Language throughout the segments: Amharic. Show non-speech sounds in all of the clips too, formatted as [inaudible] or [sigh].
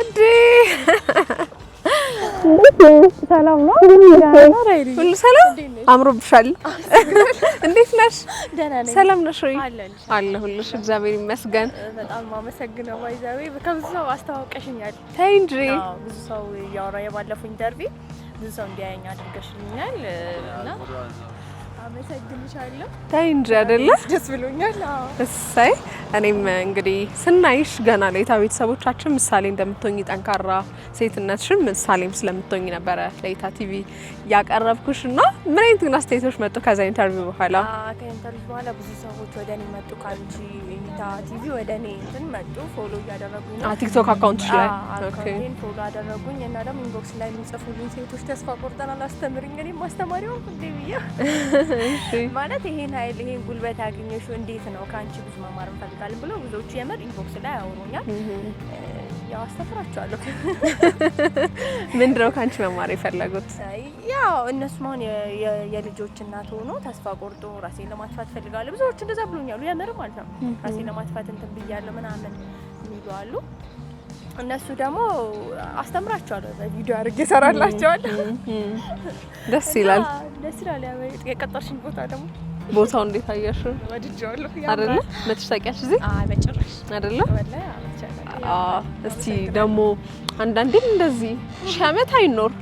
እንዴ ሰላም ነው? ሁሉ ሰላም አምሮብሻል። እንዴት ነሽ? ሰላም ነሽ ወይ? አለሁልሽ። እግዚአብሔር ይመስገን። በጣም አመሰግነው። ይዛቤ ከብዙ ሰው አስተዋውቀሽኛል። ተይ እንጂ ብዙ ሰው እያወራ የባለፉኝ ኢንተርቪው ብዙ ሰው እንዲያየኝ አድርገሽልኛል እና አመሰግንሻለሁ። እንጂ አይደለ? ደስ ብሎኛል። እሰይ እኔም እንግዲህ ስናይሽ ገና ለይታ ቤተሰቦቻችን ምሳሌ እንደምትሆኝ ጠንካራ ሴትነትሽን ምሳሌም ስለምትሆኝ ነበረ ለይታ ቲቪ ያቀረብኩሽ እና ምን አይነት ግን አስተያየቶች መጡ ከዛ ኢንተርቪው በኋላ? ከኢንተርቪው በኋላ ብዙ ሰዎች ወደ እኔ መጡ ከአንቺ ቲቪ ወደ እኔ እንትን መጡ። ፎሎ እያደረጉኝ ነው። ቲክቶክ አካውንት ላይ አካውንቴን ፎሎ አደረጉኝ እና ደግሞ ኢንቦክስ ላይ የሚጽፉልኝ ሴቶች ተስፋ ቆርጠናል አስተምሪኝ፣ እኔም ማስተማሪው እንዴ ብዬ ማለት ይሄን ይሄን ጉልበት ያገኘሽው እንዴት ነው? ከአንቺ ብዙ መማር እንፈልጋለን ብሎ ብዙዎቹ የምር ኢንቦክስ ላይ አውሩኛል። ያው አስተምራቸዋለሁ። [laughs] ምንድን ከአንቺ መማር የፈለጉት? ያው እነሱም አሁን የልጆች እናት ሆኖ ተስፋ ቆርጦ ራሴን ለማጥፋት እፈልጋለሁ ብዙዎች እንደዛ ብሎኛሉ። የምር ማለት ነው ራሴን ለማጥፋት እንትን ብያለሁ ምናምን የሚሉ አሉ። እነሱ ደግሞ አስተምራቸዋለሁ በቪዲዮ አድርጌ እሰራላቸዋለሁ። ደስ ይላል፣ ደስ ይላል። የቀጠርሽኝ ቦታ ደግሞ ቦታው እንዴት አየሽ? አይደለ መጥሽ ታውቂያለሽ? እዚህ አይደለ። እስቲ ደግሞ አንዳንዴም እንደዚህ ሸመት ዓመት አይኖር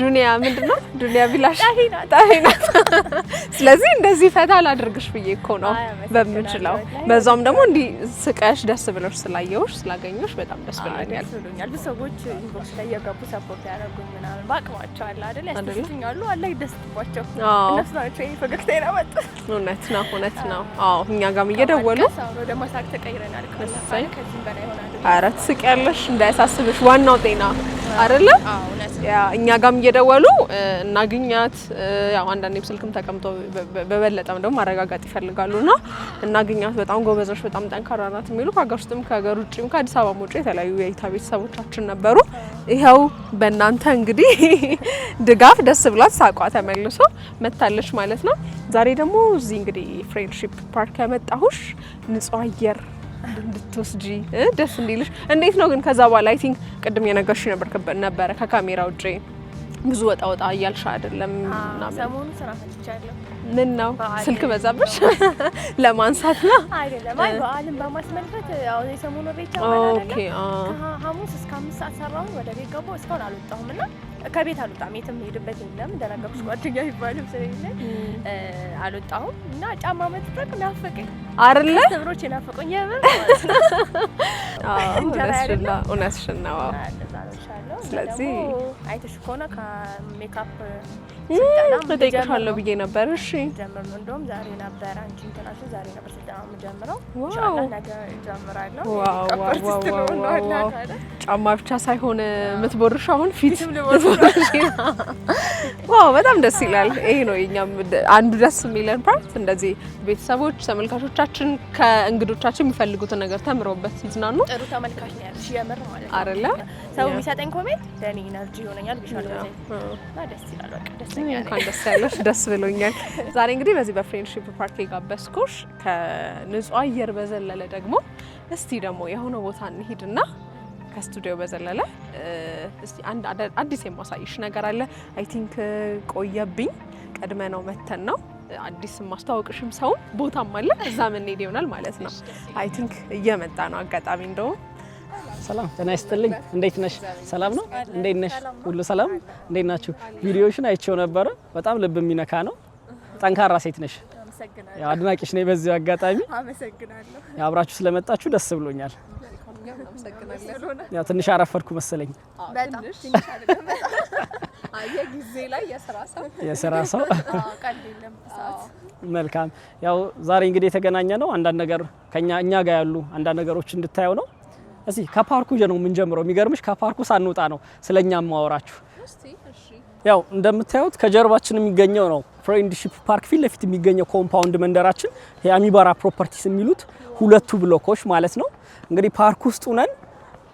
ዱንያ ምንድን ነው? ዱንያ ቢላሽ ጣሪ ናት። ስለዚህ እንደዚህ ፈታ ላድርግሽ ብዬ እኮ ነው በምችለው። በዛውም ደግሞ እንዲህ ስቀሽ ደስ ብለሽ ስላየውሽ ስላገኘሽ በጣም ደስ ብሎኛል። ብዙ ሰዎች ኢንቦክስ ላይ የገቡ ሰፖርት ያደረጉኝ ምናምን በአቅማቸው አለ አይደል ያስተኛሉ አለ ይደስባቸው እነሱ ናቸው። ይሄ ፈገግታ ይናመጥ እውነት ነው እውነት ነው። አዎ እኛ ጋም እየደወሉ ደግሞ ሳቅ ተቀይረናል። ከዚህ በላይ ሆነ አረት ስቅ ያለሽ እንዳያሳስብሽ ዋናው ጤና አይደለ? እኛ ጋም እየደወሉ እናግኛት። ያው አንዳንዴም ስልክም ተቀምጦ በበለጠም ደግሞ ይፈልጋሉ ና እናግኛት፣ በጣም ጎበዞች፣ በጣም ጠንካራ ናት የሚሉ ከሀገር ውስጥም ከሀገር ውጭም ከአዲስ አበባ ውጭ የተለያዩ የይታ ቤተሰቦቻችን ነበሩ። ይኸው በእናንተ እንግዲህ [laughs] ድጋፍ ደስ ብሏት ሳቋ ተመልሶ መታለች ማለት ነው። ዛሬ ደግሞ እዚህ እንግዲህ ፍሬንድሺፕ ፓርክ ያመጣሁሽ ንጹህ አየር እንድትወስጂ ደስ እንዲልሽ። እንዴት ነው ግን ከዛ በኋላ አይ ቲንክ ቅድም የነገርሽ ነበር ነበረ ከካሜራ ውጪ ብዙ ወጣ ወጣ እያልሽ አይደለም? ሰሞኑን ስራ ፈትቻለሁ። ምን ነው ስልክ በዛብሽ? [laughs] ለማንሳት ነው አይደለም። አይ በዓልን በማስመልከት ያው የሰሞኑ ቤት ኦኬ ሐሙስ እስከ አምስት ሰዓት ሰራሁን ወደ ቤት ገባሁ። እስካሁን አልወጣሁም እና ከቤት አልወጣም። የትም ሄድበት የለም። እንደነገርኩሽ ጓደኛ ይባልም ስለሌለ አልወጣሁም እና ጫማ መጥጠቅ ናፈቀኝ አይደለ? ስብሮች የናፈቁኝ የምር እውነትሽን ነው። ስለዚህ አይተሽ ከሆነ ከሜካፕ እጠይቅሻለሁ ብዬ ነበር። እሺ ጀምር። እንደውም ዛሬ ነበር አንቺ እንትናሽ ዛሬ ነበር ስልጠና የምጀምረው። ጫማ ብቻ ሳይሆን የምትቦርሽ አሁን ፊት ዋው በጣም ደስ ይላል። ይሄ ነው የኛም አንዱ ደስ የሚለን ፓርት። እንደዚህ ቤተሰቦች ተመልካቾቻችን ከእንግዶቻችን የሚፈልጉትን ነገር ተምረውበት ሲዝናኑ ጥሩ ተመልካች ነው ያለሽ። የምር ማለት አይደለ ሰው የሚሰጠኝ ኮሜንት ለእኔ ኢነርጂ ይሆነኛል። ደስ ይላል። በቃ ደስ ይላል። እንኳን ደስ ያለሽ። ደስ ብሎኛል። ዛሬ እንግዲህ በዚህ በፍሬንድሺፕ ፓርክ የጋበዝኩሽ ከንጹህ አየር በዘለለ ደግሞ እስቲ ደግሞ የሆነ ቦታ እንሂድና ከስቱዲዮ በዘለለ እስቲ አንድ አዲስ የማሳይሽ ነገር አለ። አይ ቲንክ ቆየብኝ፣ ቀድመ ነው መተን ነው አዲስ ማስተዋወቅሽም ሰው ቦታም አለ። እዛ ምንሄድ ይሆናል ማለት ነው። አይ ቲንክ እየመጣ ነው አጋጣሚ እንደውም ሰላም ጤና ይስጥልኝ። እንዴት ነሽ? ሰላም ነው። እንዴት ነሽ? ሁሉ ሰላም? እንዴት ናችሁ? ቪዲዮሽን አይቼው ነበረ። በጣም ልብ የሚነካ ነው። ጠንካራ ሴት ነሽ። አድናቂሽ ነኝ። በዚህ አጋጣሚ አመሰግናለሁ። አብራችሁ ስለመጣችሁ ደስ ብሎኛል። ያው ትንሽ አረፈድኩ መሰለኝ። የስራ ሰው መልካም። ያው ዛሬ እንግዲህ የተገናኘ ነው አንዳንድ ነገር ከኛ እኛ ጋር ያሉ አንዳንድ ነገሮች እንድታየው ነው። እዚህ ከፓርኩ ነው የምንጀምረው። የሚገርምሽ ከፓርኩ ሳንወጣ ነው ስለኛ ማወራችሁ። ያው እንደምታዩት ከጀርባችን የሚገኘው ነው ፍሬንድሺፕ ፓርክ ፊት ለፊት የሚገኘው ኮምፓውንድ መንደራችን የአሚባራ ፕሮፐርቲስ የሚሉት ሁለቱ ብሎኮች ማለት ነው። እንግዲህ ፓርክ ውስጥ ሆነን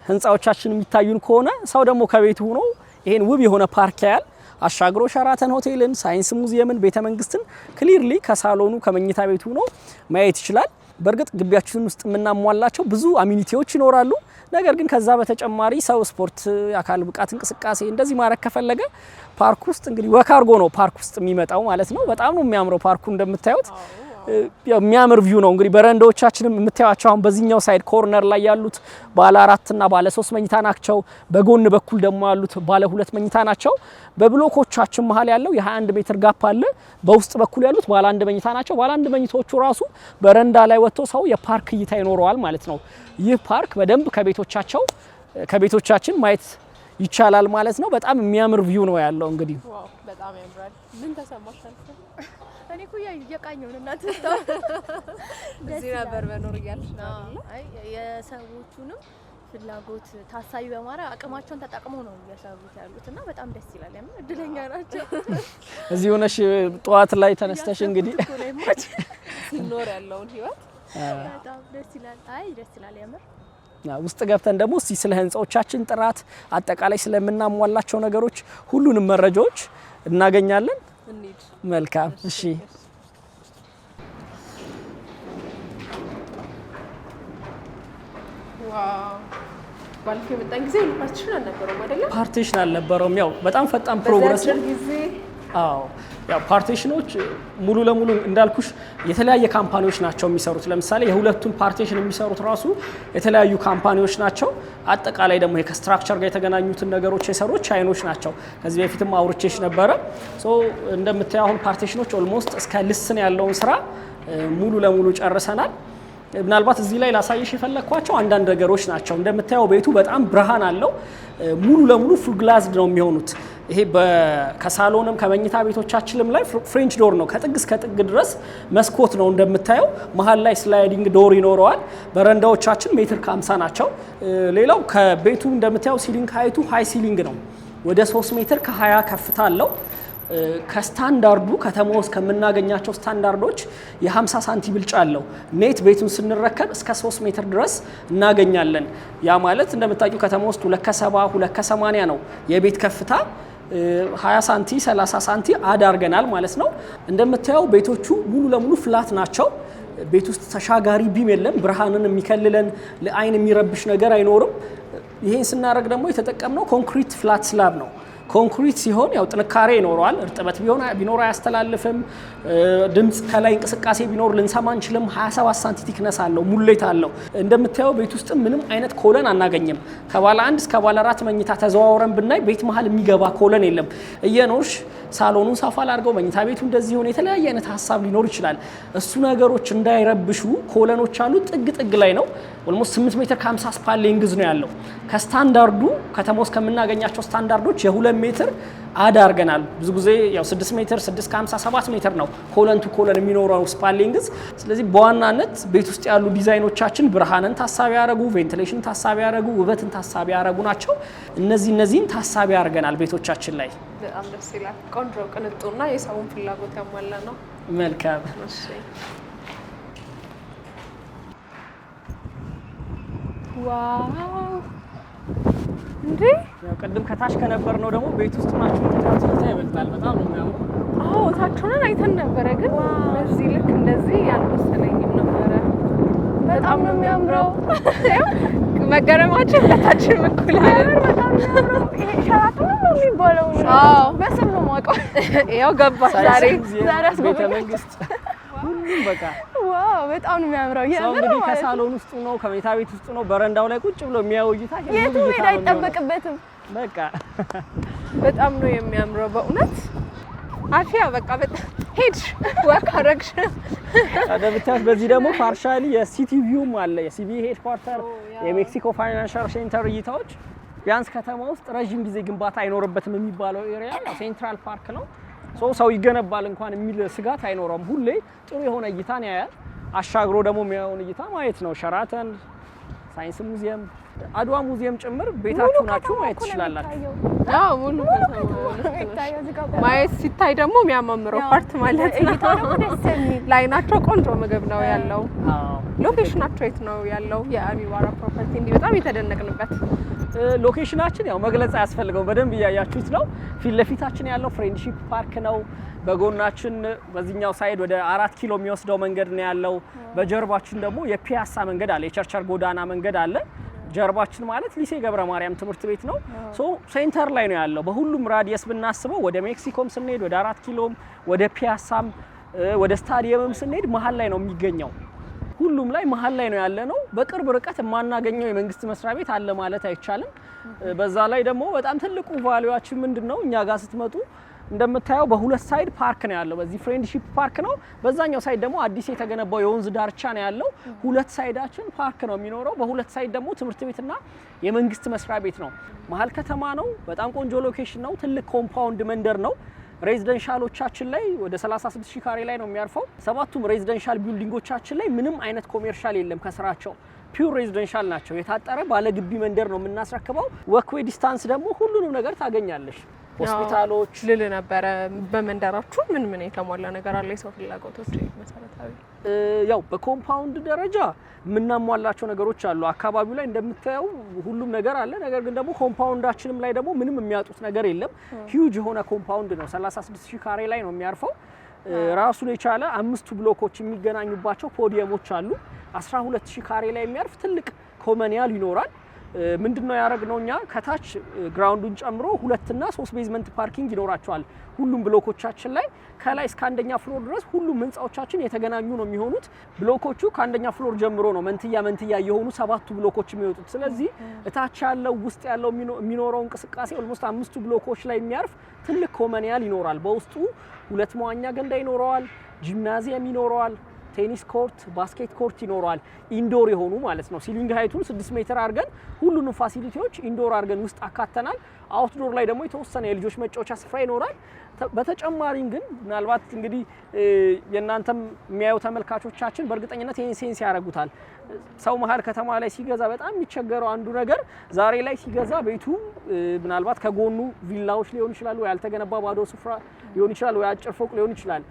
ህንፃዎቻችን የሚታዩን ከሆነ ሰው ደግሞ ከቤቱ ሆኖ ይሄን ውብ የሆነ ፓርክ ያያል። አሻግሮ ሸራተን ሆቴልን፣ ሳይንስ ሙዚየምን፣ ቤተ መንግስትን ክሊርሊ ከሳሎኑ ከመኝታ ቤቱ ሆኖ ማየት ይችላል። በእርግጥ ግቢያችን ውስጥ የምናሟላቸው ብዙ አሚኒቲዎች ይኖራሉ። ነገር ግን ከዛ በተጨማሪ ሰው ስፖርት፣ አካል ብቃት እንቅስቃሴ እንደዚህ ማድረግ ከፈለገ ፓርክ ውስጥ እንግዲህ ወካርጎ ነው ፓርክ ውስጥ የሚመጣው ማለት ነው። በጣም ነው የሚያምረው ፓርኩ እንደምታዩት የሚያምር ቪው ነው። እንግዲህ በረንዳዎቻችንም የምታዩቸው አሁን በዚህኛው ሳይድ ኮርነር ላይ ያሉት ባለ አራትና ባለ ሶስት መኝታ ናቸው። በጎን በኩል ደግሞ ያሉት ባለ ሁለት መኝታ ናቸው። በብሎኮቻችን መሀል ያለው የ21 ሜትር ጋፕ አለ። በውስጥ በኩል ያሉት ባለ አንድ መኝታ ናቸው። ባለ አንድ መኝታዎቹ ራሱ በረንዳ ላይ ወጥቶ ሰው የፓርክ እይታ ይኖረዋል ማለት ነው። ይህ ፓርክ በደንብ ከቤቶቻቸው ከቤቶቻችን ማየት ይቻላል ማለት ነው። በጣም የሚያምር ቪው ነው ያለው እንግዲህ እኔ እኮ እየቃኘሁ ነው እናንተ [laughs] እዚህ ነበር መኖር እያለች የሰዎቹንም ፍላጎት ታሳቢ በማድረግ አቅማቸውን ተጠቅመው ነው እያሳዩት ያሉት እና በጣም ደስ ይላል። ያም እድለኛ ናቸው። እዚህ ሆነሽ ጠዋት ላይ ተነስተሽ እንግዲህ ሲኖር [laughs] ያለውን ህይወት በጣም ደስ ይላል። አይ ደስ ይላል የምር ውስጥ ገብተን ደግሞ እስቲ ስለ ህንፃዎቻችን ጥራት አጠቃላይ ስለምናሟላቸው ነገሮች ሁሉንም መረጃዎች እናገኛለን። መልካም እሺ። ባልክ የመጣን ጊዜ ፓርቲሽን አልነበረውም። ያው በጣም ፈጣን ፕሮግረስ ጊዜ አዎ ያው ፓርቴሽኖች ሙሉ ለሙሉ እንዳልኩሽ የተለያየ ካምፓኒዎች ናቸው የሚሰሩት። ለምሳሌ የሁለቱን ፓርቴሽን የሚሰሩት ራሱ የተለያዩ ካምፓኒዎች ናቸው። አጠቃላይ ደግሞ ከስትራክቸር ጋር የተገናኙትን ነገሮች የሰሩት ቻይኖች ናቸው። ከዚህ በፊትም አውርቼሽ ነበረ። እንደምታየው አሁን ፓርቴሽኖች ኦልሞስት እስከ ልስን ያለውን ስራ ሙሉ ለሙሉ ጨርሰናል። ምናልባት እዚህ ላይ ላሳየሽ የፈለግኳቸው አንዳንድ ነገሮች ናቸው። እንደምታየው ቤቱ በጣም ብርሃን አለው። ሙሉ ለሙሉ ፉልግላዝድ ነው የሚሆኑት። ይሄ ከሳሎንም ከመኝታ ቤቶቻችንም ላይ ፍሬንች ዶር ነው። ከጥግ እስከ ጥግ ድረስ መስኮት ነው እንደምታየው። መሀል ላይ ስላይዲንግ ዶር ይኖረዋል። በረንዳዎቻችን ሜትር ከ50 ናቸው። ሌላው ከቤቱ እንደምታየው ሲሊንግ ሀይቱ ሀይ ሲሊንግ ነው። ወደ 3 ሜትር ከ20 ከፍታ አለው። ከስታንዳርዱ ከተማ ውስጥ ከምናገኛቸው ስታንዳርዶች የ50 ሳንቲ ብልጫ አለው። ኔት ቤቱን ስንረከብ እስከ 3 ሜትር ድረስ እናገኛለን። ያ ማለት እንደምታውቂው ከተማ ውስጥ ሁለት ከሰባ ነው የቤት ከፍታ 20 ሳንቲ 30 ሳንቲ አዳርገናል ማለት ነው። እንደምታየው ቤቶቹ ሙሉ ለሙሉ ፍላት ናቸው። ቤት ውስጥ ተሻጋሪ ቢም የለም። ብርሃንን የሚከልለን ለአይን የሚረብሽ ነገር አይኖርም። ይህን ስናደርግ ደግሞ የተጠቀምነው ኮንክሪት ፍላት ስላብ ነው። ኮንክሪት ሲሆን ያው ጥንካሬ ይኖረዋል። እርጥበት ቢኖር አያስተላልፍም። ድምፅ ከላይ እንቅስቃሴ ቢኖር ልንሰማ አንችልም። 27 ሳንቲ ቲክነስ አለው፣ ሙሌት አለው። እንደምታየው ቤት ውስጥ ምንም አይነት ኮለን አናገኝም። ከባለ አንድ እስከ ባለ አራት መኝታ ተዘዋውረን ብናይ ቤት መሀል የሚገባ ኮለን የለም እየኖርሽ ሳሎኑን ሰፋ ላድርገው፣ መኝታ ቤቱ እንደዚህ ሆነ፣ የተለያየ አይነት ሀሳብ ሊኖር ይችላል። እሱ ነገሮች እንዳይረብሹ ኮለኖች አሉ። ጥግ ጥግ ላይ ነው። ኦልሞስት 8 ሜትር ከ50 ስፓን ሌንግዝ ነው ያለው። ከስታንዳርዱ ከተማ ውስጥ ከምናገኛቸው ስታንዳርዶች የ2 ሜትር አድ አድርገናል። ብዙ ጊዜ ያው 6 ሜትር 6 ከ 57 7 ሜትር ነው ኮለን ቱ ኮለን የሚኖረው ስፓሊንግስ። ስለዚህ በዋናነት ቤት ውስጥ ያሉ ዲዛይኖቻችን ብርሃንን ታሳቢ ያደረጉ፣ ቬንቲሌሽን ታሳቢ ያደረጉ፣ ውበትን ታሳቢ ያደረጉ ናቸው። እነዚህ እነዚህን ታሳቢ አድርገናል ቤቶቻችን ላይ። በጣም ደስ ይላል። ቆንጆ ቅንጡና የሰውን ፍላጎት ያሟላ ነው። መልካም ዋው እንዴ ቅድም ከታች ከነበር ነው ደግሞ ቤት ውስጥ ናችሁ ተታጽታ ይበልጣል። በጣም ነው የሚያምሩ። አዎ ታች አይተን ነበረ፣ ግን በዚህ ልክ እንደዚህ ያልመሰለኝም ነበረ። በጣም ነው የሚያምረው። መገረማችን ከታችን እኩል በጣም ነው ሸራተን ነው የሚባለው። አዎ በስም ነው የማውቀው። ያው ገባሽ ዛሬ ዛሬ አስጎበኛችሁ። ሁሉም በቃ ዋው በጣም ነው የሚያምረው። እንግዲህ ከሳሎን ውስጥ ነው ከመኝታ ቤት ውስጥ ነው በረንዳው ላይ ቁጭ ብሎ የሚያየው እይታ የቱ ሄድ አይጠበቅበትም። በቃ በጣም ነው የሚያምረው በእውነት አፊያ በቃ በጣም ሄድሽ ወክ አደረግሽ። ብቻ በዚህ ደግሞ ፓርሻሊ የሲቲ ቪውም አለ የሲቢኢ ሄድ ኳርተር የሜክሲኮ ፋይናንሻል ሴንተር እይታዎች ቢያንስ ከተማ ውስጥ ረዥም ጊዜ ግንባታ አይኖርበትም የሚባለው ኤሪያ ሴንትራል ፓርክ ነው። ሰው ይገነባል እንኳን የሚል ስጋት አይኖረውም። ሁሌ ጥሩ የሆነ እይታን ያያል። አሻግሮ ደግሞ የሚያየውን እይታ ማየት ነው። ሸራተን ሳይንስ ሙዚየም፣ አድዋ ሙዚየም ጭምር ቤታችሁ ናችሁ ማየት ትችላላችሁ። ማየት ሲታይ ደግሞ የሚያማምረው ፓርት ማለት ነው። [laughs] ላይናቸው ቆንጆ ምግብ ነው ያለው። ሎኬሽናቸው የት ነው ያለው? የአሚባራ ፕሮፐርቲ እንዲህ በጣም የተደነቅንበት ሎኬሽናችን ያው መግለጽ አያስፈልገውም። በደንብ እያያችሁት ነው። ፊት ለፊታችን ያለው ፍሬንድሺፕ ፓርክ ነው። በጎናችን በዚህኛው ሳይድ ወደ አራት ኪሎ የሚወስደው መንገድ ነው ያለው። በጀርባችን ደግሞ የፒያሳ መንገድ አለ፣ የቸርቸር ጎዳና መንገድ አለ። ጀርባችን ማለት ሊሴ ገብረ ማርያም ትምህርት ቤት ነው። ሶ ሴንተር ላይ ነው ያለው። በሁሉም ራዲየስ ብናስበው ወደ ሜክሲኮም ስንሄድ ወደ አራት ኪሎም፣ ወደ ፒያሳም፣ ወደ ስታዲየምም ስንሄድ መሀል ላይ ነው የሚገኘው። ሁሉም ላይ መሀል ላይ ነው ያለ ነው። በቅርብ ርቀት የማናገኘው የመንግስት መስሪያ ቤት አለ ማለት አይቻልም። በዛ ላይ ደግሞ በጣም ትልቁ ቫሊዋችን ምንድን ነው? እኛ ጋር ስትመጡ እንደምታየው በሁለት ሳይድ ፓርክ ነው ያለው። በዚህ ፍሬንድሺፕ ፓርክ ነው፣ በዛኛው ሳይድ ደግሞ አዲስ የተገነባው የወንዝ ዳርቻ ነው ያለው። ሁለት ሳይዳችን ፓርክ ነው የሚኖረው። በሁለት ሳይድ ደግሞ ትምህርት ቤትና የመንግስት መስሪያ ቤት ነው። መሀል ከተማ ነው። በጣም ቆንጆ ሎኬሽን ነው። ትልቅ ኮምፓውንድ መንደር ነው። ሬዚደንሻሎቻችን ላይ ወደ 36 ሺህ ካሬ ላይ ነው የሚያርፈው። ሰባቱም ሬዚደንሻል ቢልዲንጎቻችን ላይ ምንም አይነት ኮሜርሻል የለም ከስራቸው ፒውር ሬዚደንሻል ናቸው። የታጠረ ባለግቢ መንደር ነው የምናስረክበው። ወክዌ ዲስታንስ ደግሞ ሁሉንም ነገር ታገኛለሽ። ሆስፒታሎች ልል ነበረ። በመንደራችሁ ምን ምን የተሟላ ነገር አለ? የሰው ፍላጎቶች መሰረታዊ ያው በኮምፓውንድ ደረጃ የምናሟላቸው ነገሮች አሉ። አካባቢው ላይ እንደምታየው ሁሉም ነገር አለ። ነገር ግን ደግሞ ኮምፓውንዳችንም ላይ ደግሞ ምንም የሚያጡት ነገር የለም። ሂውጅ የሆነ ኮምፓውንድ ነው። 36 ሺህ ካሬ ላይ ነው የሚያርፈው። ራሱን የቻለ አምስቱ ብሎኮች የሚገናኙባቸው ፖዲየሞች አሉ። 12 ሺህ ካሬ ላይ የሚያርፍ ትልቅ ኮመኒያል ይኖራል። ምንድነው ያደረግነው እኛ ከታች ግራውንዱን ጨምሮ ሁለትና ሶስት ቤዝመንት ፓርኪንግ ይኖራቸዋል ሁሉም ብሎኮቻችን ላይ ከላይ እስከ አንደኛ ፍሎር ድረስ ሁሉም ህንፃዎቻችን የተገናኙ ነው የሚሆኑት። ብሎኮቹ ከአንደኛ ፍሎር ጀምሮ ነው መንትያ መንትያ የሆኑ ሰባቱ ብሎኮች የሚወጡት። ስለዚህ እታች ያለው ውስጥ ያለው የሚኖረው እንቅስቃሴ ኦልሞስት አምስቱ ብሎኮች ላይ የሚያርፍ ትልቅ ኮመንያል ይኖራል። በውስጡ ሁለት መዋኛ ገንዳ ይኖረዋል፣ ጂምናዚየም ይኖረዋል ቴኒስ ኮርት፣ ባስኬት ኮርት ይኖረዋል። ኢንዶር የሆኑ ማለት ነው። ሲሊንግ ሀይቱን 6 ሜትር አድርገን ሁሉንም ፋሲሊቲዎች ኢንዶር አድርገን ውስጥ አካተናል። አውትዶር ላይ ደግሞ የተወሰነ የልጆች መጫወቻ ስፍራ ይኖራል። በተጨማሪም ግን ምናልባት እንግዲህ የእናንተም የሚያዩ ተመልካቾቻችን በእርግጠኝነት ይህን ሴንስ ያደርጉታል። ሰው መሀል ከተማ ላይ ሲገዛ በጣም የሚቸገረው አንዱ ነገር ዛሬ ላይ ሲገዛ ቤቱ ምናልባት ከጎኑ ቪላዎች ሊሆን ይችላሉ፣ ያልተገነባ ባዶ ስፍራ ሊሆን ይችላል፣ ወይ አጭር ፎቅ ሊሆን ይችላል።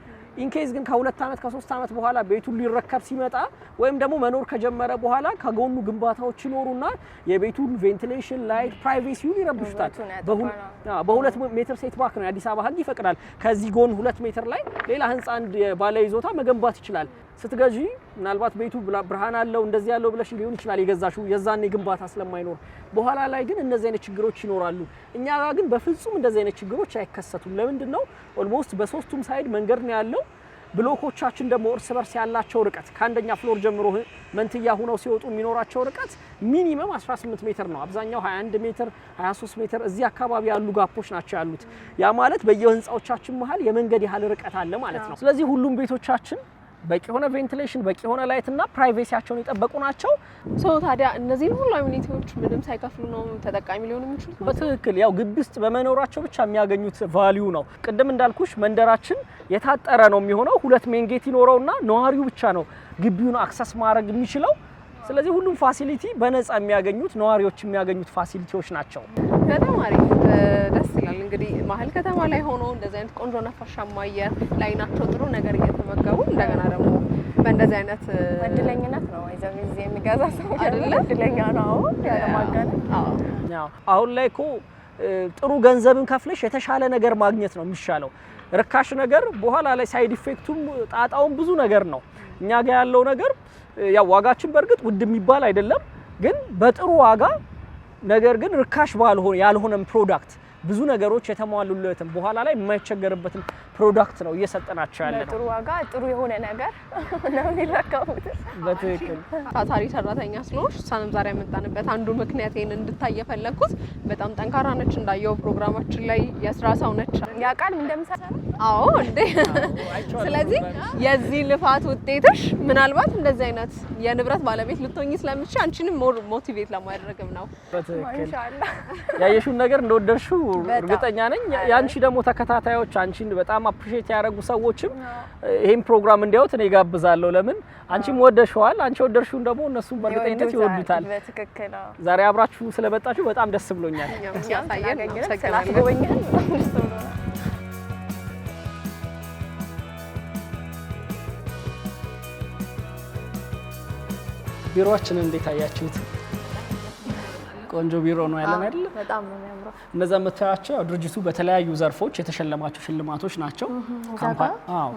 ኢንኬዝ ግን ከሁለት ዓመት ከሶስት ዓመት በኋላ ቤቱን ሊረከብ ሲመጣ ወይም ደግሞ መኖር ከጀመረ በኋላ ከጎኑ ግንባታዎች ይኖሩና የቤቱን ቬንቲሌሽን፣ ላይት፣ ፕራይቬሲውን ይረብሹታል። በሁለት ሜትር ሴት ባክ ነው የአዲስ አበባ ሕግ ይፈቅዳል። ከዚህ ጎን ሁለት ሜትር ላይ ሌላ ህንፃ አንድ ባለ ይዞታ መገንባት ይችላል። ስትገዢ ምናልባት ቤቱ ብርሃን አለው እንደዚህ ያለው ብለሽ ሊሆን ይችላል የገዛሹ የዛኔ ግንባታ ስለማይኖር። በኋላ ላይ ግን እንደዚህ አይነት ችግሮች ይኖራሉ። እኛ ጋር ግን በፍጹም እንደዚህ አይነት ችግሮች አይከሰቱም። ለምንድን ነው? ኦልሞስት በሶስቱም ሳይድ መንገድ ነው ያለው። ብሎኮቻችን ደግሞ እርስ በርስ ያላቸው ርቀት ከአንደኛ ፍሎር ጀምሮ መንትያ ሁነው ሲወጡ የሚኖራቸው ርቀት ሚኒመም 18 ሜትር ነው። አብዛኛው 21 ሜትር፣ 23 ሜትር እዚህ አካባቢ ያሉ ጋፖች ናቸው ያሉት። ያ ማለት በየህንፃዎቻችን መሀል የመንገድ ያህል ርቀት አለ ማለት ነው። ስለዚህ ሁሉም ቤቶቻችን በቂ የሆነ ቬንቲሌሽን፣ በቂ የሆነ ላይት እና ፕራይቬሲያቸውን የጠበቁ ናቸው። ሶ ታዲያ እነዚህን ሁሉ አሚኒቲዎች ምንም ሳይከፍሉ ነው ተጠቃሚ ሊሆኑ የሚችሉት? በትክክል ያው ግቢ ውስጥ በመኖራቸው ብቻ የሚያገኙት ቫሊዩ ነው። ቅድም እንዳልኩሽ መንደራችን የታጠረ ነው የሚሆነው። ሁለት ሜንጌት ይኖረውና ነዋሪው ብቻ ነው ግቢውን አክሰስ ማድረግ የሚችለው። ስለዚህ ሁሉም ፋሲሊቲ በነጻ የሚያገኙት ነዋሪዎች የሚያገኙት ፋሲሊቲዎች ናቸው። ከተማሪ ደስ ይላል። እንግዲህ መሀል ከተማ ላይ ሆኖ እንደዚህ አይነት ቆንጆ ነፋሻማ አየር ናቸው፣ ጥሩ ነገር እየተመገቡ እንደገና ደግሞ በእንደዚህ አይነት እድለኝነት ነው ጊዜ የሚገዛ ሰው አይደለ? እድለኛ ነው አሁን ላይ እኮ ጥሩ ገንዘብን ከፍለሽ የተሻለ ነገር ማግኘት ነው የሚሻለው። ርካሽ ነገር በኋላ ላይ ሳይድ ኢፌክቱም ጣጣውም ብዙ ነገር ነው። እኛ ጋር ያለው ነገር ያው ዋጋችን በእርግጥ ውድ የሚባል አይደለም፣ ግን በጥሩ ዋጋ ነገር ግን ርካሽ ባልሆነ ያልሆነም ፕሮዳክት ብዙ ነገሮች የተሟሉለትም በኋላ ላይ የማይቸገርበትን ፕሮዳክት ነው እየሰጠናቸው ያለ ነው። ጥሩ ዋጋ፣ ጥሩ የሆነ ነገር [laughs] ነው የሚረከቡት። በትክክል ታታሪ ሰራተኛ ስለሆንሽ እሷንም ዛሬ ያመጣንበት አንዱ ምክንያት ይህን እንድታይ የፈለግኩት በጣም ጠንካራ ነች። እንዳየው ፕሮግራማችን ላይ የስራ ሰው ነች። ያውቃል እንደምሰራ። አዎ እንዴ! ስለዚህ የዚህ ልፋት ውጤትሽ ምናልባት እንደዚህ አይነት የንብረት ባለቤት ልትሆኝ ስለምችል አንቺንም ሞር ሞቲቬት ለማድረግም ነው። በትክክል ያየሽውን ነገር እንደወደድሽው እርግጠኛ ነኝ። የአንቺ ደግሞ ተከታታዮች አንቺን በጣም አፕሪሼት ያደረጉ ሰዎችም ይሄን ፕሮግራም እንዲያዩት እኔ ጋብዛለሁ። ለምን አንቺም ወደሸዋል፣ አንቺ ወደድሽውን ደግሞ እነሱም በእርግጠኝነት ይወዱታል። ዛሬ አብራችሁ ስለመጣችሁ በጣም ደስ ብሎኛል። ቢሮችን እንዴት አያችሁት? ቆንጆ ቢሮ ነው ያለን አይደል? በጣም ነው የሚያምረው። እነዛ የምታያቸው ድርጅቱ በተለያዩ ዘርፎች የተሸለማቸው ሽልማቶች ናቸው።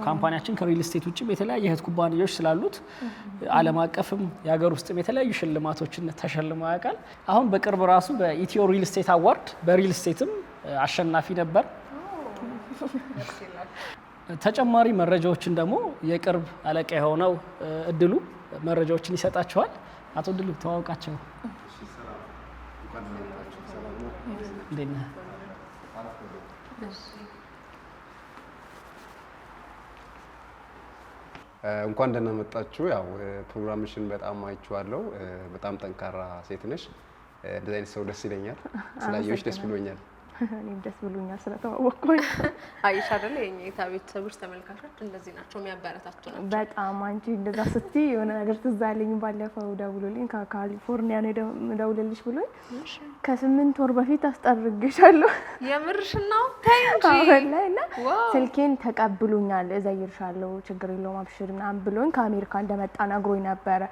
ካምፓኒያችን ከሪል ስቴት ውጭም የተለያየ እህት ኩባንያዎች ስላሉት ዓለም አቀፍም የሀገር ውስጥም የተለያዩ ሽልማቶችን ተሸልሞ ያውቃል። አሁን በቅርብ ራሱ በኢትዮ ሪል ስቴት አዋርድ በሪል ስቴትም አሸናፊ ነበር። ተጨማሪ መረጃዎችን ደግሞ የቅርብ አለቃ የሆነው እድሉ መረጃዎችን ይሰጣቸዋል። አቶ እድሉ ተዋውቃቸው። እንኳን ደህና መጣችሁ። ያው ፕሮግራምሽን በጣም አይቼዋለሁ። በጣም ጠንካራ ሴት ነሽ። እንደዚህ አይነት ሰው ደስ ይለኛል። ስላየሁሽ ደስ ብሎኛል። [laughs] እኔም ደስ ብሎኛል ስለተዋወቅኩኝ። [laughs] አየሽ አይደለ የኛ የታ ቤተሰቦች ተመልካቾች እንደዚህ ናቸው የሚያበረታቱ ናቸው በጣም አንቺ እንደዛ ስትይ የሆነ ነገር ትዝ አለኝ። ባለፈው ደውሎልኝ ከካሊፎርኒያ ነው ደውልልሽ ብሎኝ ከስምንት ወር በፊት አስጠርግሻለሁ የምርሽ ነው ላይ እና ስልኬን ተቀብሎኛል። እዘይርሻለሁ ችግር የለውም አብሽር ምናምን ብሎኝ ከአሜሪካ እንደመጣ ነግሮኝ ነበረ።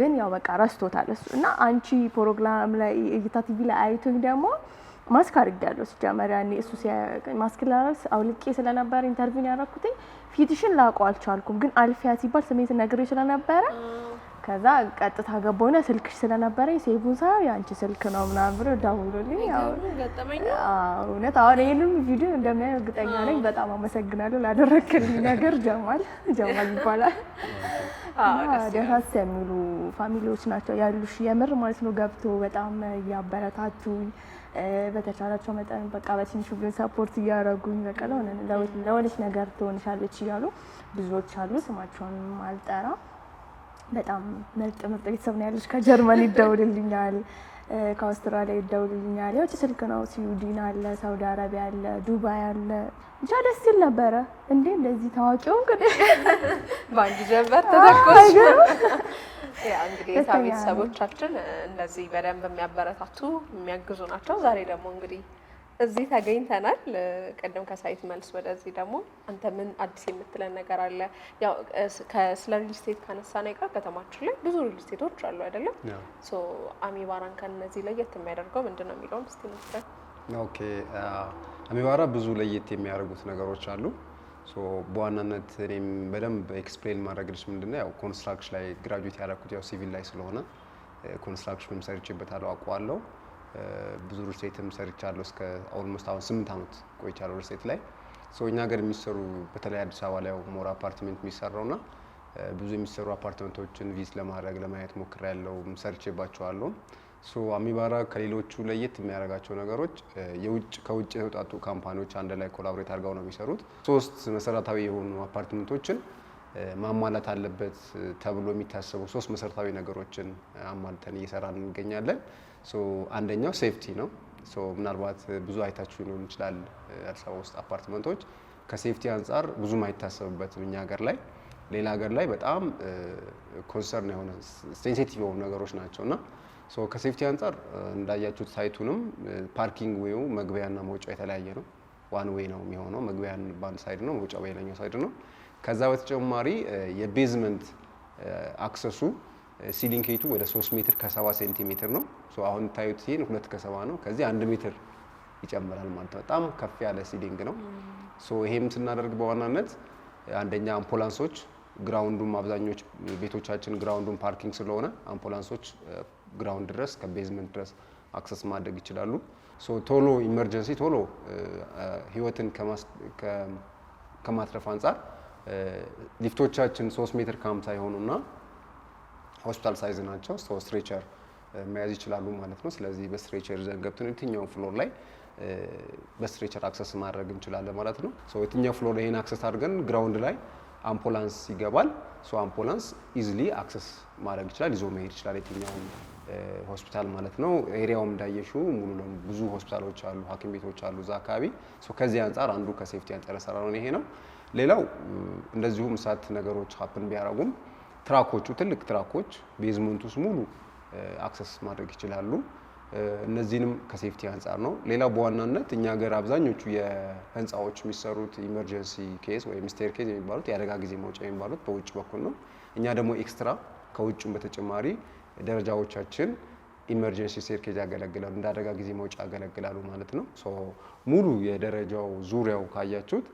ግን ያው በቃ ረስቶታል እሱ እና አንቺ ፕሮግራም ላይ እይታ ቲቪ ላይ አይቶኝ ደግሞ ማስክ አድርጌያለሁ። ሲጀመር ያኔ እሱ ሲያቀኝ ማስክ ላረስ አውልቄ ስለነበረ ኢንተርቪውን ያደረኩትኝ ፊትሽን ላውቀው አልቻልኩም፣ ግን አልፊያ ሲባል ስሜት ነግሬ ስለነበረ ከዛ ቀጥታ ገባሁና ስልክሽ ስለነበረ ሴቡን ሳ የአንቺ ስልክ ነው ምናምን ብሎ ደውሎልኝ እውነት አሁን ይህንም ቪዲዮ እንደሚያዩ እርግጠኛ ነኝ። በጣም አመሰግናለሁ ላደረክልኝ ነገር። ጀማል ጀማል ይባላል። ደሳስ የሚሉ ፋሚሊዎች ናቸው ያሉሽ የምር ማለት ነው። ገብቶ በጣም እያበረታቱኝ በተቻላቸው መጠን በቃ በትንሹ ግን ሰፖርት እያደረጉኝ በቃ ለሆነች ነገር ትሆንሻለች እያሉ ብዙዎች አሉ። ስማቸውን አልጠራ። በጣም ምርጥ ምርጥ ቤተሰብ ነው ያለች ከጀርመን ይደውልልኛል ከአውስትራሊያ ይደውልልኛል። የውጭ ስልክ ነው። ስዊድን አለ፣ ሳውዲ አረቢያ አለ፣ ዱባይ አለ። ብቻ ደስ ሲል ነበረ። እንዴ እንደዚህ ታዋቂው እንግዲህ በአንድ ጀንበር ተተኮች። እንግዲህ ቤተሰቦቻችን እነዚህ በደንብ የሚያበረታቱ የሚያግዙ ናቸው። ዛሬ ደግሞ እንግዲህ እዚህ ተገኝተናል። ቅድም ከሳይት መልስ ወደዚህ ደግሞ አንተ ምን አዲስ የምትለን ነገር አለ? ያው ስለ ሪልስቴት ስቴት ነው ቃ ከተማችን ላይ ብዙ ሪልስቴቶች አሉ አይደለም? ሶ አሚባራን ከነዚህ ለየት የሚያደርገው ምንድን ነው የሚለውን እስኪ ንገረን። ኦኬ አሚባራ ብዙ ለየት የሚያደርጉት ነገሮች አሉ። በዋናነት እኔም በደንብ ኤክስፕሌን ማድረግልሽ ምንድን ነው ያው ኮንስትራክሽን ላይ ግራጁዌት ያደረኩት ያው ሲቪል ላይ ስለሆነ ኮንስትራክሽን ሰርቼበታለሁ አውቀዋለሁ ብዙ ሪልስቴትም ሰርቻለሁ። እስከ ኦልሞስት አሁን ስምንት ዓመት ቆይቻለሁ ሪልስቴት ላይ። ሶ እኛ ሀገር የሚሰሩ በተለይ አዲስ አበባ ላይ ሞር አፓርትመንት የሚሰራው ና ብዙ የሚሰሩ አፓርትመንቶችን ቪዝ ለማድረግ ለማየት ሞክሬያለሁ፣ ሰርቼባቸዋለሁ። ሶ አሚባራ ከሌሎቹ ለየት የሚያደርጋቸው ነገሮች የውጭ ከውጭ የተውጣጡ ካምፓኒዎች አንድ ላይ ኮላቦሬት አድርገው ነው የሚሰሩት። ሶስት መሰረታዊ የሆኑ አፓርትመንቶችን ማሟላት አለበት ተብሎ የሚታሰቡ ሶስት መሰረታዊ ነገሮችን አሟልተን እየሰራን እንገኛለን። አንደኛው ሴፍቲ ነው። ምናልባት ብዙ አይታችሁ ሊሆን ይችላል አዲስ አበባ ውስጥ አፓርትመንቶች ከሴፍቲ አንጻር ብዙም አይታሰብበትም እኛ ሀገር ላይ ሌላ ሀገር ላይ በጣም ኮንሰርን የሆነ ሴንሲቲቭ የሆኑ ነገሮች ናቸው እና ከሴፍቲ አንጻር እንዳያችሁት ሳይቱንም ፓርኪንግ ዌው መግቢያና መውጫ የተለያየ ነው። ዋን ዌይ ነው የሚሆነው። መግቢያ በአንድ ሳይድ ነው፣ መውጫ በሌላኛው ሳይድ ነው። ከዛ በተጨማሪ የቤዝመንት አክሰሱ ሲሊንግ ሄቱ ወደ 3 ሜትር ከ70 ሴንቲሜትር ነው። አሁን ታዩት ይሄን 2 ከ70 ነው። ከዚህ አንድ ሜትር ይጨምራል ማለት ነው። በጣም ከፍ ያለ ሲሊንግ ነው። ይሄም ስናደርግ በዋናነት አንደኛ አምፖላንሶች ግራውንዱም አብዛኞች ቤቶቻችን ግራውንዱን ፓርኪንግ ስለሆነ አምፖላንሶች ግራውንድ ድረስ ከቤዝመንት ድረስ አክሰስ ማድረግ ይችላሉ። ቶሎ ኢመርጀንሲ ቶሎ ህይወትን ከማትረፍ አንጻር ሊፍቶቻችን 3 ሜትር ከ50 የሆኑና ሆስፒታል ሳይዝ ናቸው። ሰው ስትሬቸር መያዝ ይችላሉ ማለት ነው። ስለዚህ በስትሬቸር ይዘን ገብተን የትኛው ፍሎር ላይ በስትሬቸር አክሰስ ማድረግ እንችላለን ማለት ነው። የትኛው ፍሎር ላይ አክሰስ አድርገን ግራውንድ ላይ አምፖላንስ ይገባል። ሶ አምፖላንስ ኢዝሊ አክሰስ ማድረግ ይችላል፣ ይዞ መሄድ ይችላል የትኛውን ሆስፒታል ማለት ነው። ኤሪያውም እንዳየሹ ሙሉ ለሙሉ ብዙ ሆስፒታሎች አሉ፣ ሐኪም ቤቶች አሉ እዛ አካባቢ። ከዚህ አንጻር አንዱ ከሴፍቲ አንጻር የሰራ ነው ይሄ ነው። ሌላው እንደዚሁም እሳት ነገሮች ሀፕን ቢያደርጉም ትራኮቹ ትልቅ ትራኮች ቤዝመንት ውስጥ ሙሉ አክሰስ ማድረግ ይችላሉ። እነዚህንም ከሴፍቲ አንጻር ነው። ሌላው በዋናነት እኛ ሀገር አብዛኞቹ የህንፃዎች የሚሰሩት ኢመርጀንሲ ኬዝ ወይም ስቴር ኬዝ የሚባሉት የአደጋ ጊዜ መውጫ የሚባሉት በውጭ በኩል ነው። እኛ ደግሞ ኤክስትራ ከውጭም በተጨማሪ ደረጃዎቻችን ኢመርጀንሲ ስቴር ኬዝ ያገለግላሉ፣ እንደ አደጋ ጊዜ መውጫ ያገለግላሉ ማለት ነው። ሙሉ የደረጃው ዙሪያው ካያችሁት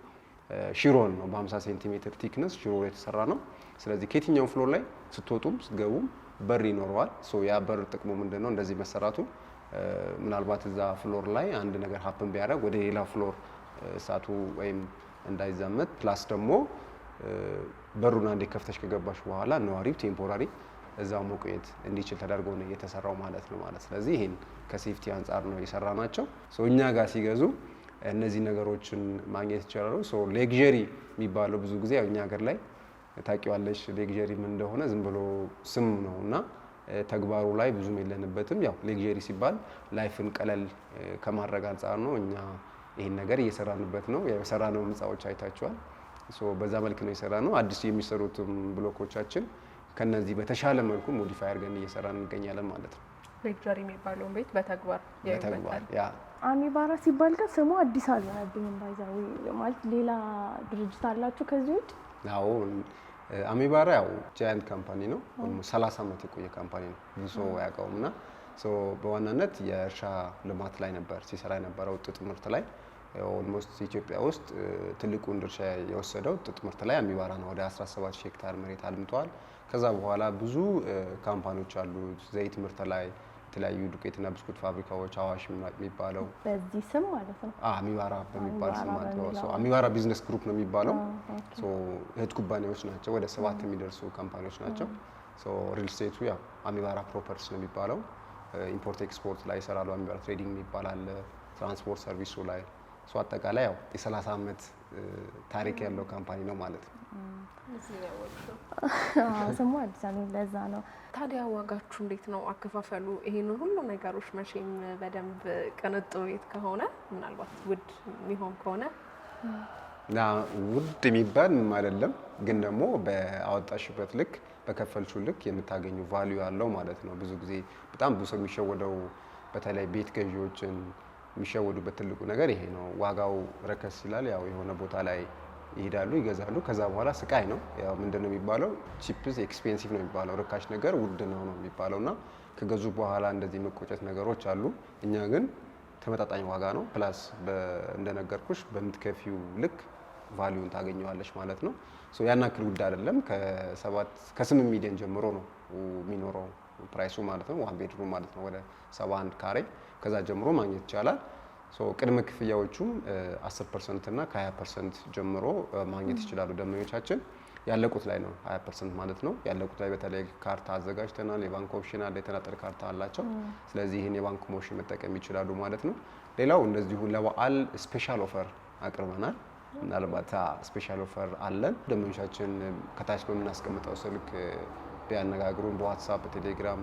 ሺሮን ነው። በ50 ሴንቲሜትር ቲክነስ ሺሮ የተሰራ ነው። ስለዚህ ከየትኛውም ፍሎር ላይ ስትወጡም ስትገቡም በር ይኖረዋል። ሶ ያ በር ጥቅሙ ምንድን ነው? እንደዚህ መሰራቱ ምናልባት እዛ ፍሎር ላይ አንድ ነገር ሀፕን ቢያደርግ ወደ ሌላ ፍሎር እሳቱ ወይም እንዳይዛመት ፕላስ ደግሞ በሩን አንዴ ከፍተሽ ከገባሽ በኋላ ነዋሪው ቴምፖራሪ እዛው መቆየት እንዲችል ተደርጎ ነው የተሰራው ማለት ነው ማለት ስለዚህ ይህን ከሴፍቲ አንጻር ነው የሰራ ናቸው። እኛ ጋር ሲገዙ እነዚህ ነገሮችን ማግኘት ይችላሉ። ሶ ሌግዠሪ የሚባለው ብዙ ጊዜ እኛ ሀገር ላይ ታውቂዋለሽ፣ ሌግዠሪ ምን እንደሆነ ዝም ብሎ ስም ነው እና ተግባሩ ላይ ብዙም የለንበትም። ያው ሌግዠሪ ሲባል ላይፍን ቀለል ከማድረግ አንጻር ነው። እኛ ይህን ነገር እየሰራንበት ነው። ነው ህንፃዎች አይታችኋል። በዛ መልክ ነው የሰራ ነው። አዲስ የሚሰሩትም ብሎኮቻችን ከነዚህ በተሻለ መልኩ ሞዲፋይ አድርገን እየሰራን እንገኛለን ማለት ነው። ሌክቸር የሚባለውን ቤት በተግባር በተግባር ያ አሚባራ ሲባል ግን ስሙ አዲስ አልሆነብኝም። ባይዛዊ ማለት ሌላ ድርጅት አላችሁ ከዚህ ውጭ? አዎ አሚባራ ያው ጃያንት ካምፓኒ ነው። ሰላሳ ዓመት የቆየ ካምፓኒ ነው። ብዙ ሰው አያውቀውም እና በዋናነት የእርሻ ልማት ላይ ነበር ሲሰራ የነበረው ጥጥ ምርት ላይ ኦልሞስት ኢትዮጵያ ውስጥ ትልቁን ድርሻ የወሰደው ጥጥ ምርት ላይ አሚባራ ነው። ወደ 17 ሺህ ሄክታር መሬት አልምተዋል። ከዛ በኋላ ብዙ ካምፓኒዎች አሉ ዘይት ምርት ላይ የተለያዩ ዱቄትና ብስኩት ፋብሪካዎች አዋሽ የሚባለው በዚህ ስም ማለት ነው። አሚባራ በሚባል ስም ማለት ነው። አሚባራ ቢዝነስ ግሩፕ ነው የሚባለው። እህት ኩባንያዎች ናቸው። ወደ ሰባት የሚደርሱ ካምፓኒዎች ናቸው። ሪል ስቴቱ ያው አሚባራ ፕሮፐርቲስ ነው የሚባለው። ኢምፖርት ኤክስፖርት ላይ ይሰራሉ። አሚባራ ትሬዲንግ የሚባል አለ። ትራንስፖርት ሰርቪሱ ላይ አጠቃላይ ያው የ30 ዓመት ታሪክ ያለው ካምፓኒ ነው ማለት ነው። ስሙ አዲስ አበባ ለዛ ነው። ታዲያ ዋጋችሁ እንዴት ነው አከፋፈሉ? ይሄን ሁሉ ነገሮች መቼም በደንብ ቅንጡ ቤት ከሆነ ምናልባት ውድ የሚሆን ከሆነ ውድ የሚባል አይደለም፣ ግን ደግሞ በአወጣሽበት ልክ በከፈልችው ልክ የምታገኙ ቫሊዩ አለው ማለት ነው። ብዙ ጊዜ በጣም ብዙ ሰው የሚሸወደው በተለይ ቤት ገዢዎችን የሚሸወዱበት ትልቁ ነገር ይሄ ነው። ዋጋው ረከስ ይላል፣ ያው የሆነ ቦታ ላይ ይሄዳሉ፣ ይገዛሉ። ከዛ በኋላ ስቃይ ነው። ያው ምንድን ነው የሚባለው ቺፕስ ኤክስፔንሲቭ ነው የሚባለው ርካሽ ነገር ውድ ነው ነው የሚባለው እና ከገዙ በኋላ እንደዚህ መቆጨት ነገሮች አሉ። እኛ ግን ተመጣጣኝ ዋጋ ነው ፕላስ እንደነገርኩሽ በምትከፊው ልክ ቫሊዩን ታገኘዋለች ማለት ነው። ያን ያክል ውድ አይደለም። ከስምንት ሚሊዮን ጀምሮ ነው የሚኖረው ፕራይሱ ማለት ነው። ዋን ቤድሩም ማለት ነው ወደ ሰባ አንድ ካሬ ከዛ ጀምሮ ማግኘት ይቻላል። ቅድመ ክፍያዎቹም 10 ፐርሰንት እና ከ20 ፐርሰንት ጀምሮ ማግኘት ይችላሉ ደንበኞቻችን። ያለቁት ላይ ነው 20 ፐርሰንት ማለት ነው። ያለቁት ላይ በተለይ ካርታ አዘጋጅተናል። የባንክ ኦፕሽን አለ፣ የተናጠል ካርታ አላቸው። ስለዚህ ይህን የባንክ ኦፕሽን መጠቀም ይችላሉ ማለት ነው። ሌላው እንደዚሁ ለበዓል ስፔሻል ኦፈር አቅርበናል። ምናልባት ስፔሻል ኦፈር አለን። ደንበኞቻችን ከታች በምናስቀምጠው ስልክ ቢያነጋግሩን በዋትሳፕ ቴሌግራም፣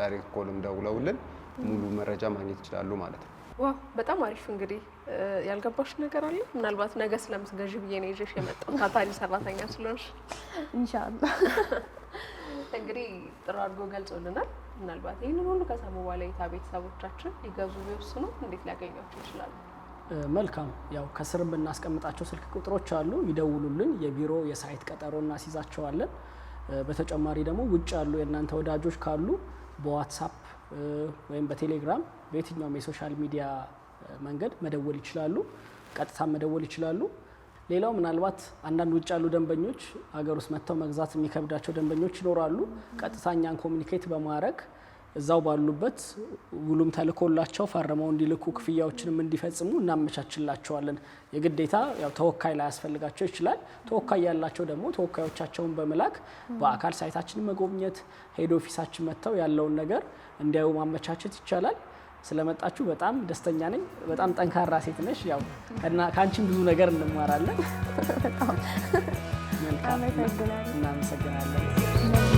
ዳይሬክት ኮልም ደውለውልን ሙሉ መረጃ ማግኘት ይችላሉ ማለት ነው። ዋው በጣም አሪፍ። እንግዲህ ያልገባሽ ነገር አለ? ምናልባት ነገ ስለምትገዥ ብዬ ነው ይዤሽ የመጣው ታታሪ ሰራተኛ ስለሆንሽ እንሻላ [laughs] እንግዲህ ጥሩ አድርጎ ገልጾልናል። ምናልባት ይህንን ሁሉ ከሰሙ በኋላ የታ ቤተሰቦቻችን ሊገዙ ቢወስኑ እንዴት ሊያገኟቸው ይችላሉ? መልካም ያው ከስር የምናስቀምጣቸው ስልክ ቁጥሮች አሉ፣ ይደውሉልን። የቢሮ የሳይት ቀጠሮ እናስይዛቸዋለን። በተጨማሪ ደግሞ ውጭ ያሉ የእናንተ ወዳጆች ካሉ በዋትሳፕ ወይም በቴሌግራም በየትኛውም የሶሻል ሚዲያ መንገድ መደወል ይችላሉ። ቀጥታ መደወል ይችላሉ። ሌላው ምናልባት አንዳንድ ውጭ ያሉ ደንበኞች ሀገር ውስጥ መጥተው መግዛት የሚከብዳቸው ደንበኞች ይኖራሉ። ቀጥታ እኛን ኮሚኒኬት በማድረግ እዛው ባሉበት ውሉም ተልኮላቸው ፈርመው እንዲልኩ ክፍያዎችንም እንዲፈጽሙ እናመቻችላቸዋለን። የግዴታ ያው ተወካይ ላያስፈልጋቸው ይችላል። ተወካይ ያላቸው ደግሞ ተወካዮቻቸውን በመላክ በአካል ሳይታችን መጎብኘት ሄድ ኦፊሳችን መጥተው ያለውን ነገር እንዲያዩ ማመቻቸት ይቻላል። ስለመጣችሁ በጣም ደስተኛ ነኝ። በጣም ጠንካራ ሴት ነሽ። ያው ከአንቺም ብዙ ነገር እንማራለን። [laughs] እናመሰግናለን።